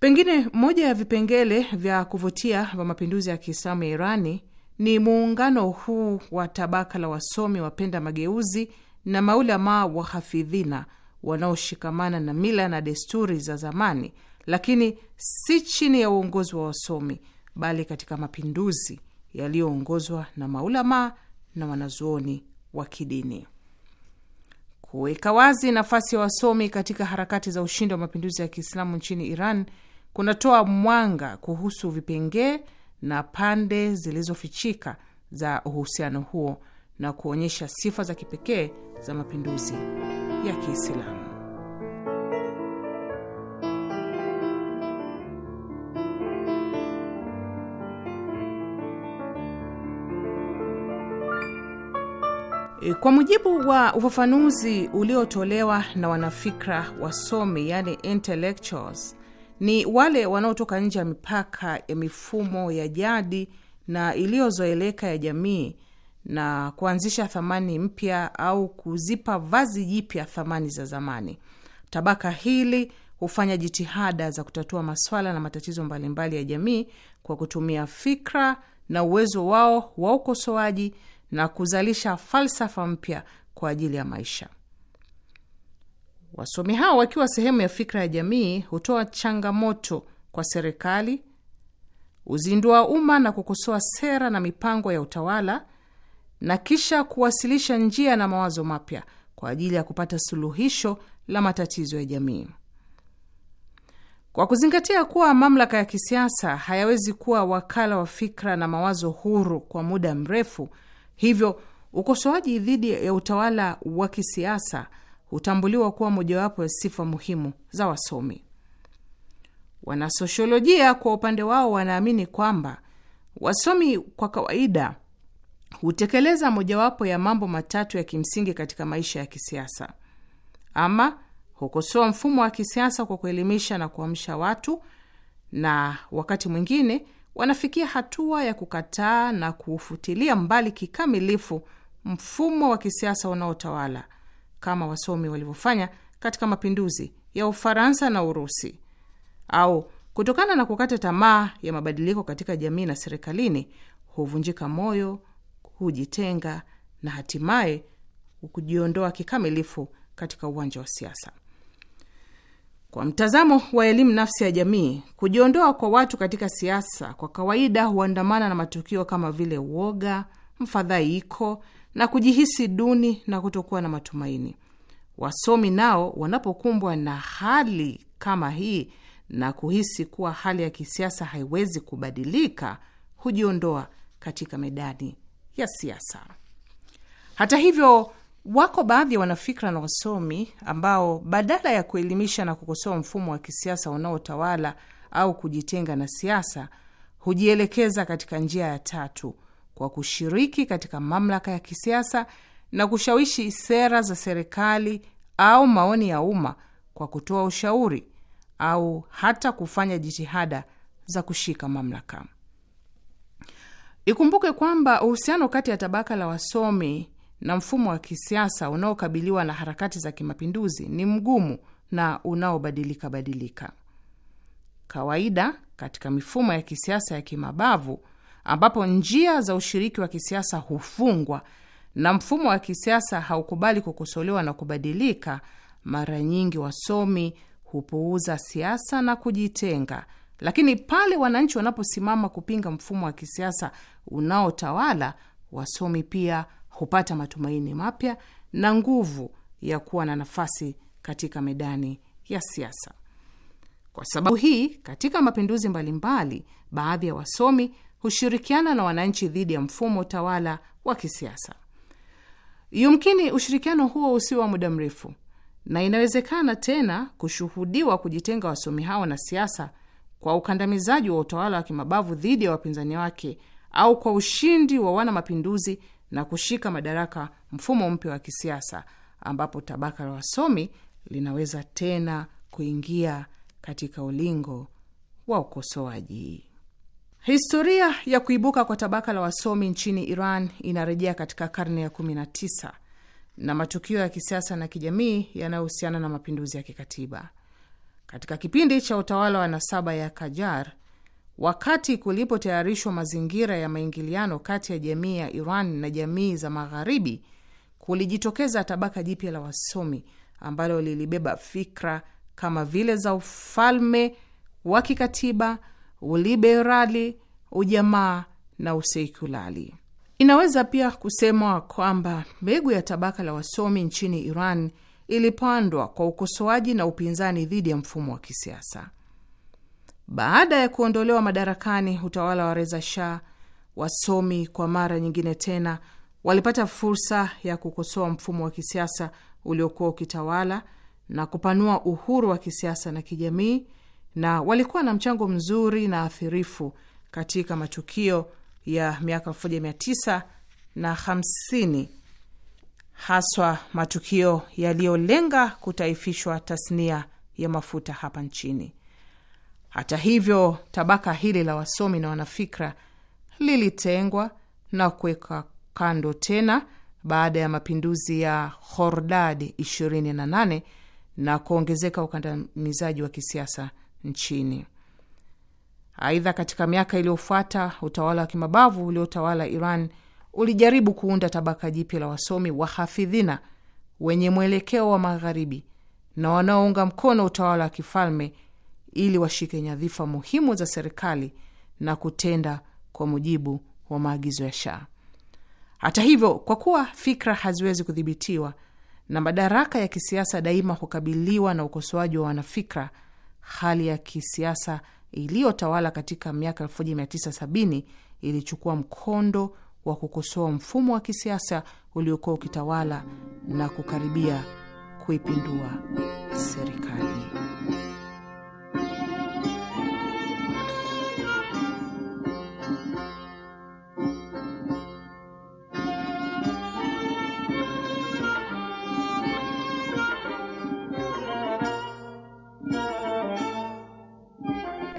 Pengine moja ya vipengele vya kuvutia vya mapinduzi ya Kiislamu ya Irani ni muungano huu wa tabaka la wasomi wapenda mageuzi na maulamaa wa hafidhina wanaoshikamana na mila na desturi za zamani, lakini si chini ya uongozi wa wasomi, bali katika mapinduzi yaliyoongozwa na maulamaa na wanazuoni wa kidini. Kuweka wazi nafasi ya wa wasomi katika harakati za ushindi wa mapinduzi ya Kiislamu nchini Iran kunatoa mwanga kuhusu vipengee na pande zilizofichika za uhusiano huo na kuonyesha sifa za kipekee za mapinduzi ya Kiislamu. Eh, kwa mujibu wa ufafanuzi uliotolewa na wanafikra wasomi, yani intellectuals, ni wale wanaotoka nje ya mipaka ya mifumo ya jadi na iliyozoeleka ya jamii na kuanzisha thamani mpya au kuzipa vazi jipya thamani za zamani. Tabaka hili hufanya jitihada za kutatua maswala na matatizo mbalimbali ya jamii kwa kutumia fikra na uwezo wao wa ukosoaji na kuzalisha falsafa mpya kwa ajili ya maisha. Wasomi hao wakiwa sehemu ya fikra ya jamii hutoa changamoto kwa serikali, uzindua umma na kukosoa sera na mipango ya utawala, na kisha kuwasilisha njia na mawazo mapya kwa ajili ya kupata suluhisho la matatizo ya jamii. Kwa kuzingatia kuwa mamlaka ya kisiasa hayawezi kuwa wakala wa fikra na mawazo huru kwa muda mrefu Hivyo ukosoaji dhidi ya utawala wa kisiasa hutambuliwa kuwa mojawapo ya sifa muhimu za wasomi. Wanasosiolojia kwa upande wao wanaamini kwamba wasomi kwa kawaida hutekeleza mojawapo ya mambo matatu ya kimsingi katika maisha ya kisiasa: ama hukosoa mfumo wa kisiasa kwa kuelimisha na kuamsha watu, na wakati mwingine wanafikia hatua ya kukataa na kuufutilia mbali kikamilifu mfumo wa kisiasa unaotawala kama wasomi walivyofanya katika mapinduzi ya Ufaransa na Urusi, au kutokana na kukata tamaa ya mabadiliko katika jamii na serikalini, huvunjika moyo, hujitenga na hatimaye kujiondoa kikamilifu katika uwanja wa siasa. Kwa mtazamo wa elimu nafsi ya jamii, kujiondoa kwa watu katika siasa kwa kawaida huandamana na matukio kama vile uoga, mfadhaiko na kujihisi duni na kutokuwa na matumaini. Wasomi nao wanapokumbwa na hali kama hii na kuhisi kuwa hali ya kisiasa haiwezi kubadilika, hujiondoa katika medani ya siasa. Hata hivyo Wako baadhi ya wanafikra na wasomi ambao badala ya kuelimisha na kukosoa mfumo wa kisiasa unaotawala au kujitenga na siasa hujielekeza katika njia ya tatu kwa kushiriki katika mamlaka ya kisiasa na kushawishi sera za serikali au maoni ya umma kwa kutoa ushauri au hata kufanya jitihada za kushika mamlaka. Ikumbuke kwamba uhusiano kati ya tabaka la wasomi na mfumo wa kisiasa unaokabiliwa na harakati za kimapinduzi ni mgumu na unaobadilika badilika. Kawaida katika mifumo ya kisiasa ya kimabavu, ambapo njia za ushiriki wa kisiasa hufungwa na mfumo wa kisiasa haukubali kukosolewa na kubadilika, mara nyingi wasomi hupuuza siasa na kujitenga. Lakini pale wananchi wanaposimama kupinga mfumo wa kisiasa unaotawala, wasomi pia hupata matumaini mapya na nguvu ya kuwa na nafasi katika medani ya siasa. Kwa sababu hii, katika mapinduzi mbalimbali, baadhi ya wasomi hushirikiana na wananchi dhidi ya mfumo utawala wa kisiasa. Yumkini ushirikiano huo usio wa muda mrefu, na inawezekana tena kushuhudiwa kujitenga wasomi hao na siasa kwa ukandamizaji wa utawala wa kimabavu dhidi ya wapinzani wake au kwa ushindi wa wana mapinduzi na kushika madaraka mfumo mpya wa kisiasa ambapo tabaka la wasomi linaweza tena kuingia katika ulingo wa ukosoaji. Historia ya kuibuka kwa tabaka la wasomi nchini Iran inarejea katika karne ya 19 na matukio ya kisiasa na kijamii yanayohusiana na mapinduzi ya kikatiba. Katika kipindi cha utawala wa nasaba ya Kajar, Wakati kulipotayarishwa mazingira ya maingiliano kati ya jamii ya Iran na jamii za Magharibi, kulijitokeza tabaka jipya la wasomi ambalo lilibeba fikra kama vile za ufalme wa kikatiba, uliberali, ujamaa na usekulali. Inaweza pia kusemwa kwamba mbegu ya tabaka la wasomi nchini Iran ilipandwa kwa ukosoaji na upinzani dhidi ya mfumo wa kisiasa. Baada ya kuondolewa madarakani utawala wa Reza Shah, wasomi kwa mara nyingine tena walipata fursa ya kukosoa mfumo wa kisiasa uliokuwa ukitawala na kupanua uhuru wa kisiasa na kijamii, na walikuwa na mchango mzuri na athirifu katika matukio ya miaka 1950 na haswa matukio yaliyolenga kutaifishwa tasnia ya mafuta hapa nchini. Hata hivyo, tabaka hili la wasomi na wanafikra lilitengwa na kuweka kando tena baada ya mapinduzi ya hordad 28 na kuongezeka ukandamizaji wa kisiasa nchini. Aidha, katika miaka iliyofuata utawala wa kimabavu uliotawala Iran ulijaribu kuunda tabaka jipya la wasomi wahafidhina wenye mwelekeo wa magharibi na wanaounga mkono utawala wa kifalme ili washike nyadhifa muhimu za serikali na kutenda kwa mujibu wa maagizo ya Shah. Hata hivyo, kwa kuwa fikra haziwezi kudhibitiwa na madaraka ya kisiasa daima hukabiliwa na ukosoaji wa wanafikra, hali ya kisiasa iliyotawala katika miaka 1970 ilichukua mkondo wa kukosoa mfumo wa kisiasa uliokuwa ukitawala na kukaribia kuipindua serikali.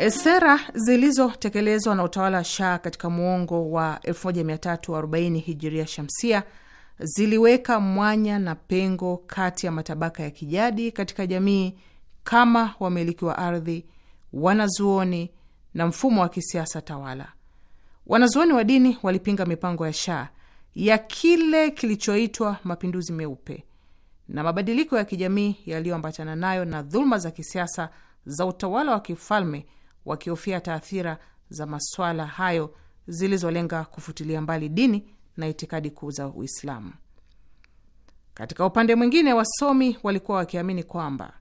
Eh, sera zilizotekelezwa na utawala wa Shah katika muongo wa 1340 hijiria shamsia ziliweka mwanya na pengo kati ya matabaka ya kijadi katika jamii kama wamiliki wa ardhi, wanazuoni na mfumo wa kisiasa tawala. Wanazuoni wa dini walipinga mipango ya Shah ya kile kilichoitwa mapinduzi meupe na mabadiliko ya kijamii yaliyoambatana nayo na dhuluma za kisiasa za utawala wa kifalme wakihofia taathira za maswala hayo zilizolenga kufutilia mbali dini na itikadi kuu za Uislamu. Katika upande mwingine, wasomi walikuwa wakiamini kwamba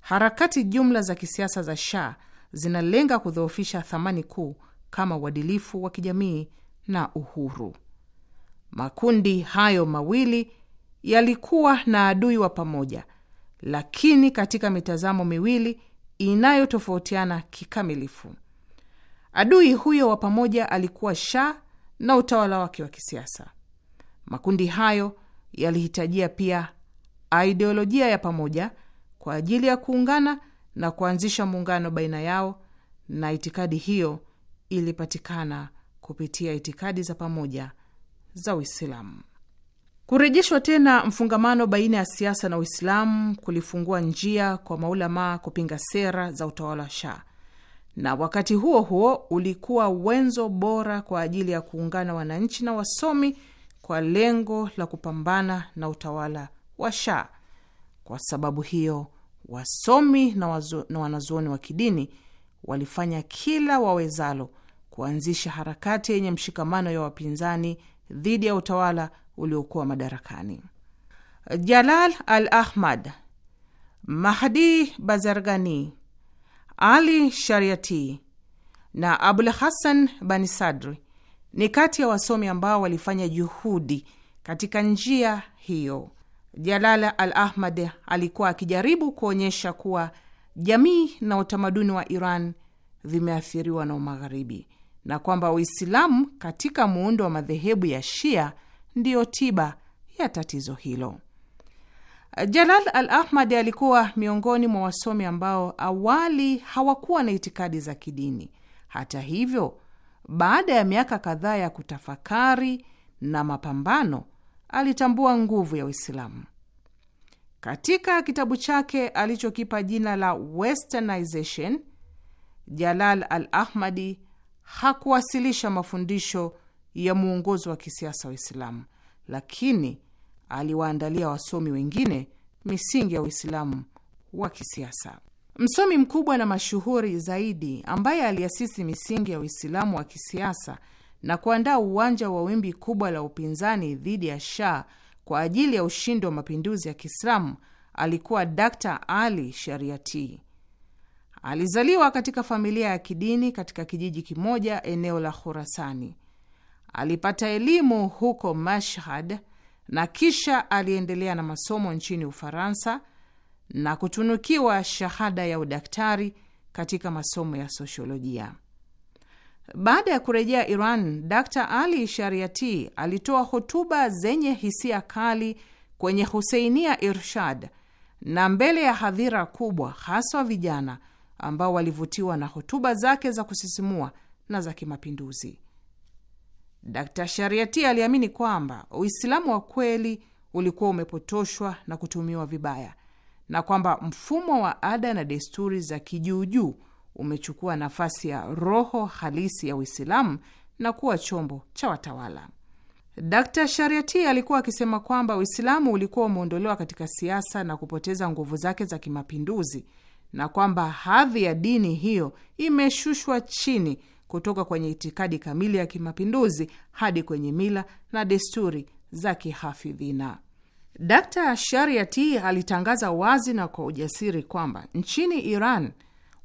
harakati jumla za kisiasa za Shah zinalenga kudhoofisha thamani kuu kama uadilifu wa kijamii na uhuru. Makundi hayo mawili yalikuwa na adui wa pamoja, lakini katika mitazamo miwili inayotofautiana kikamilifu. Adui huyo wa pamoja alikuwa Shah na utawala wake wa kisiasa. Makundi hayo yalihitajia pia aidiolojia ya pamoja kwa ajili ya kuungana na kuanzisha muungano baina yao, na itikadi hiyo ilipatikana kupitia itikadi za pamoja za Uislamu. Kurejeshwa tena mfungamano baina ya siasa na Uislamu kulifungua njia kwa maulamaa kupinga sera za utawala wa Shah, na wakati huo huo ulikuwa wenzo bora kwa ajili ya kuungana wananchi na wasomi kwa lengo la kupambana na utawala wa Shah. Kwa sababu hiyo, wasomi na, wazo, na wanazuoni wa kidini walifanya kila wawezalo kuanzisha harakati yenye mshikamano ya wapinzani dhidi ya utawala uliokuwa madarakani. Jalal al Ahmad, Mahdi Bazargani, Ali Shariati na Abul Hasan Bani Sadri ni kati ya wasomi ambao walifanya juhudi katika njia hiyo. Jalal al Ahmad alikuwa akijaribu kuonyesha kuwa jamii na utamaduni wa Iran vimeathiriwa na Umagharibi na kwamba Uislamu katika muundo wa madhehebu ya Shia ndiyo tiba ya tatizo hilo. Jalal Al Ahmadi alikuwa miongoni mwa wasomi ambao awali hawakuwa na itikadi za kidini. Hata hivyo, baada ya miaka kadhaa ya kutafakari na mapambano, alitambua nguvu ya Uislamu. Katika kitabu chake alichokipa jina la Westernization, Jalal Al Ahmadi hakuwasilisha mafundisho ya mwongozo wa kisiasa wa Uislamu, lakini aliwaandalia wasomi wengine misingi ya Uislamu wa kisiasa. Msomi mkubwa na mashuhuri zaidi ambaye aliasisi misingi ya Uislamu wa kisiasa na kuandaa uwanja wa wimbi kubwa la upinzani dhidi ya Shah kwa ajili ya ushindi wa mapinduzi ya Kiislamu alikuwa Dr. Ali Shariati. Alizaliwa katika familia ya kidini katika kijiji kimoja eneo la Khurasani. Alipata elimu huko Mashhad na kisha aliendelea na masomo nchini Ufaransa na kutunukiwa shahada ya udaktari katika masomo ya sosiolojia. Baada ya kurejea Iran, Dr Ali Shariati alitoa hotuba zenye hisia kali kwenye Huseinia Irshad na mbele ya hadhira kubwa, haswa vijana ambao walivutiwa na hotuba zake za kusisimua na za kimapinduzi. Dkt. Shariati aliamini kwamba Uislamu wa kweli ulikuwa umepotoshwa na kutumiwa vibaya na kwamba mfumo wa ada na desturi za kijuujuu umechukua nafasi ya roho halisi ya Uislamu na kuwa chombo cha watawala. Dkt. Shariati alikuwa akisema kwamba Uislamu ulikuwa umeondolewa katika siasa na kupoteza nguvu zake za kimapinduzi na kwamba hadhi ya dini hiyo imeshushwa chini kutoka kwenye itikadi kamili ya kimapinduzi hadi kwenye mila na desturi za kihafidhina. d Shariati alitangaza wazi na kwa ujasiri kwamba nchini Iran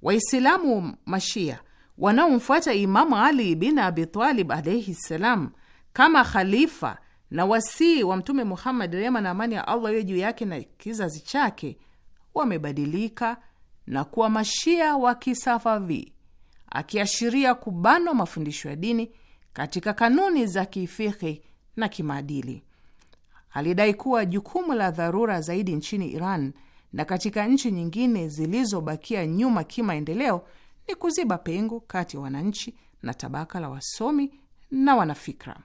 Waislamu Mashia wanaomfuata Imamu Ali bin Abitalib alaihi ssalam kama khalifa na wasii wa Mtume Muhammad, rehma na amani ya Allah iwe juu yake na kizazi chake, wamebadilika na kuwa Mashia wa Kisafavi akiashiria kubanwa mafundisho ya dini katika kanuni za kifikhi na kimaadili. Alidai kuwa jukumu la dharura zaidi nchini Iran na katika nchi nyingine zilizobakia nyuma kimaendeleo ni kuziba pengo kati ya wananchi na tabaka la wasomi na wanafikra.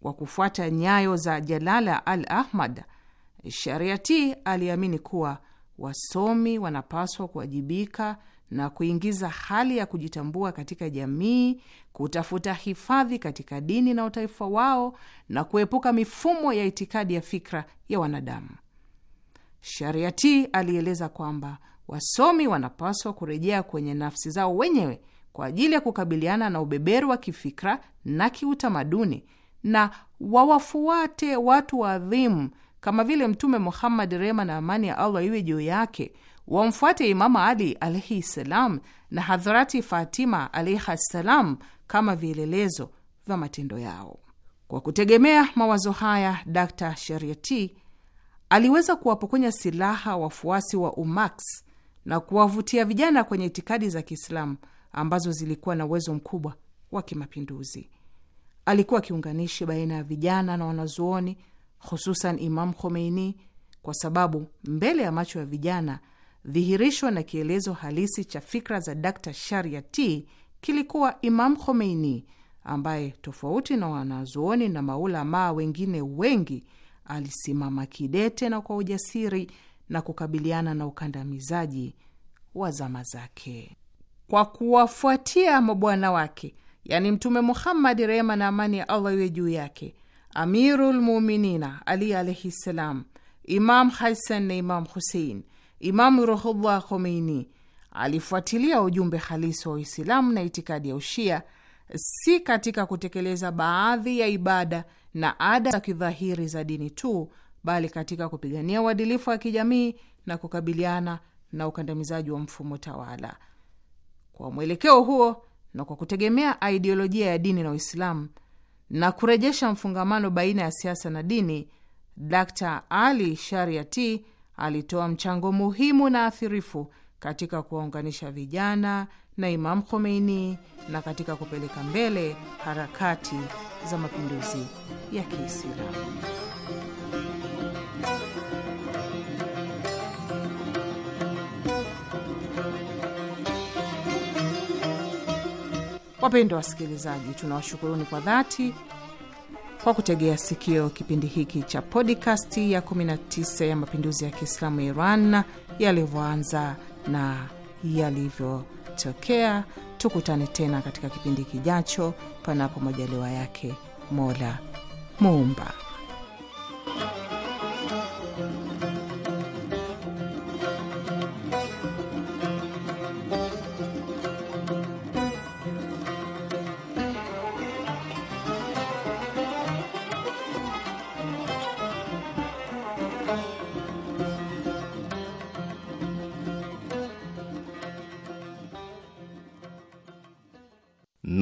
Kwa kufuata nyayo za Jalala al Ahmad, Shariati aliamini kuwa wasomi wanapaswa kuwajibika na kuingiza hali ya kujitambua katika jamii, kutafuta hifadhi katika dini na utaifa wao, na kuepuka mifumo ya itikadi ya fikra ya wanadamu. Shariati alieleza kwamba wasomi wanapaswa kurejea kwenye nafsi zao wenyewe kwa ajili ya kukabiliana na ubeberu wa kifikra na kiutamaduni, na wawafuate watu waadhimu kama vile Mtume Muhammad, rehma na amani ya Allah iwe juu yake wamfuate Imamu Ali alaihi ssalam na Hadhrati Fatima alaihi ssalam kama vielelezo vya matendo yao. Kwa kutegemea mawazo haya, Dr Shariati aliweza kuwapokonya silaha wafuasi wa Umax na kuwavutia vijana kwenye itikadi za Kiislamu ambazo zilikuwa na uwezo mkubwa wa kimapinduzi. Alikuwa kiunganishi baina ya vijana na wanazuoni, hususan Imam Khomeini, kwa sababu mbele ya macho ya vijana dhihirishwa na kielezo halisi cha fikra za Dr. Sharia T kilikuwa Imam Khomeini, ambaye tofauti na wanazuoni na maulamaa wengine wengi alisimama kidete na kwa ujasiri na kukabiliana na ukandamizaji wa zama zake kwa kuwafuatia mabwana wake, yani Mtume Muhammad, rehema na amani ya Allah iwe juu yake, amirulmuminina Ali alaihi ssalam, Imam Hasan na Imam Husein Imamu Ruhullah Khomeini alifuatilia ujumbe halisi wa Uislamu na itikadi ya Ushia, si katika kutekeleza baadhi ya ibada na ada za kidhahiri za dini tu, bali katika kupigania uadilifu wa kijamii na kukabiliana na ukandamizaji wa mfumo tawala. Kwa mwelekeo huo na kwa kutegemea aidiolojia ya dini na Uislamu na kurejesha mfungamano baina ya siasa na dini, Dr Ali Shariati alitoa mchango muhimu na athirifu katika kuwaunganisha vijana na Imam Khomeini na katika kupeleka mbele harakati za mapinduzi ya Kiislamu. Wapendwa wasikilizaji, tunawashukuruni kwa dhati kwa kutegea sikio kipindi hiki cha podikasti ya 19 ya mapinduzi ya Kiislamu ya Iran yalivyoanza na yalivyotokea. Tukutane tena katika kipindi kijacho, panapo majaliwa yake Mola Muumba.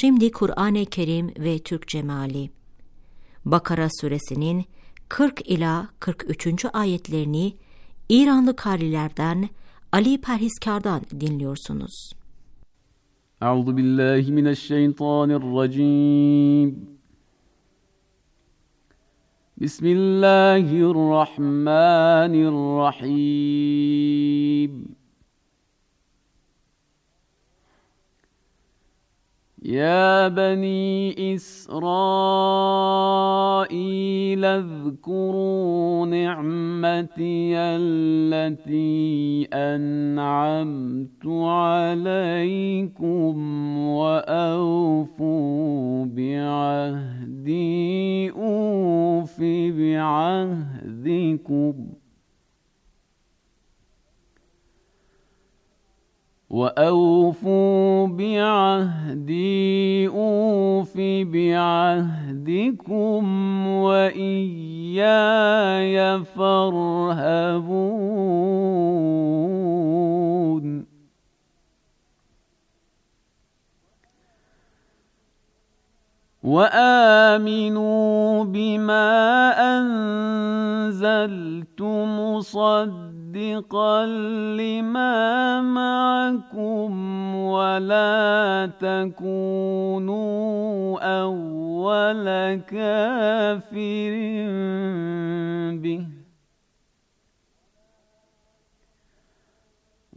Şimdi Kur'an-ı Kerim ve Türkçe meali. Bakara suresinin 40 ila 43. ayetlerini İranlı karilerden Ali Perhiskar'dan dinliyorsunuz. Euzu billahi mineşşeytanirracim. Bismillahirrahmanirrahim. يا بني إسرائيل اذكروا نعمتي التي أنعمت عليكم وأوفوا بعهدي أوف بعهدكم واوفوا بعهدي اوف بعهدكم واياي فارهبون وامنوا بما انزلت مصدقا مصدقا لما معكم ولا تكونوا أول كافر به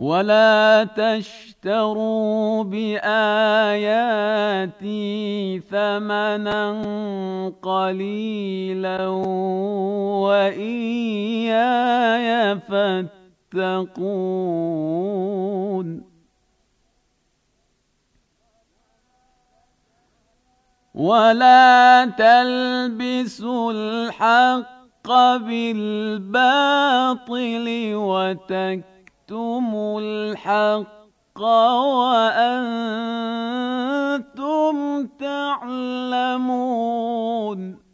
ولا تشتروا باياتي ثمنا قليلا واياي فاتقون ولا تلبسوا الحق بالباطل وتكفروا أنتم الحق وأنتم تعلمون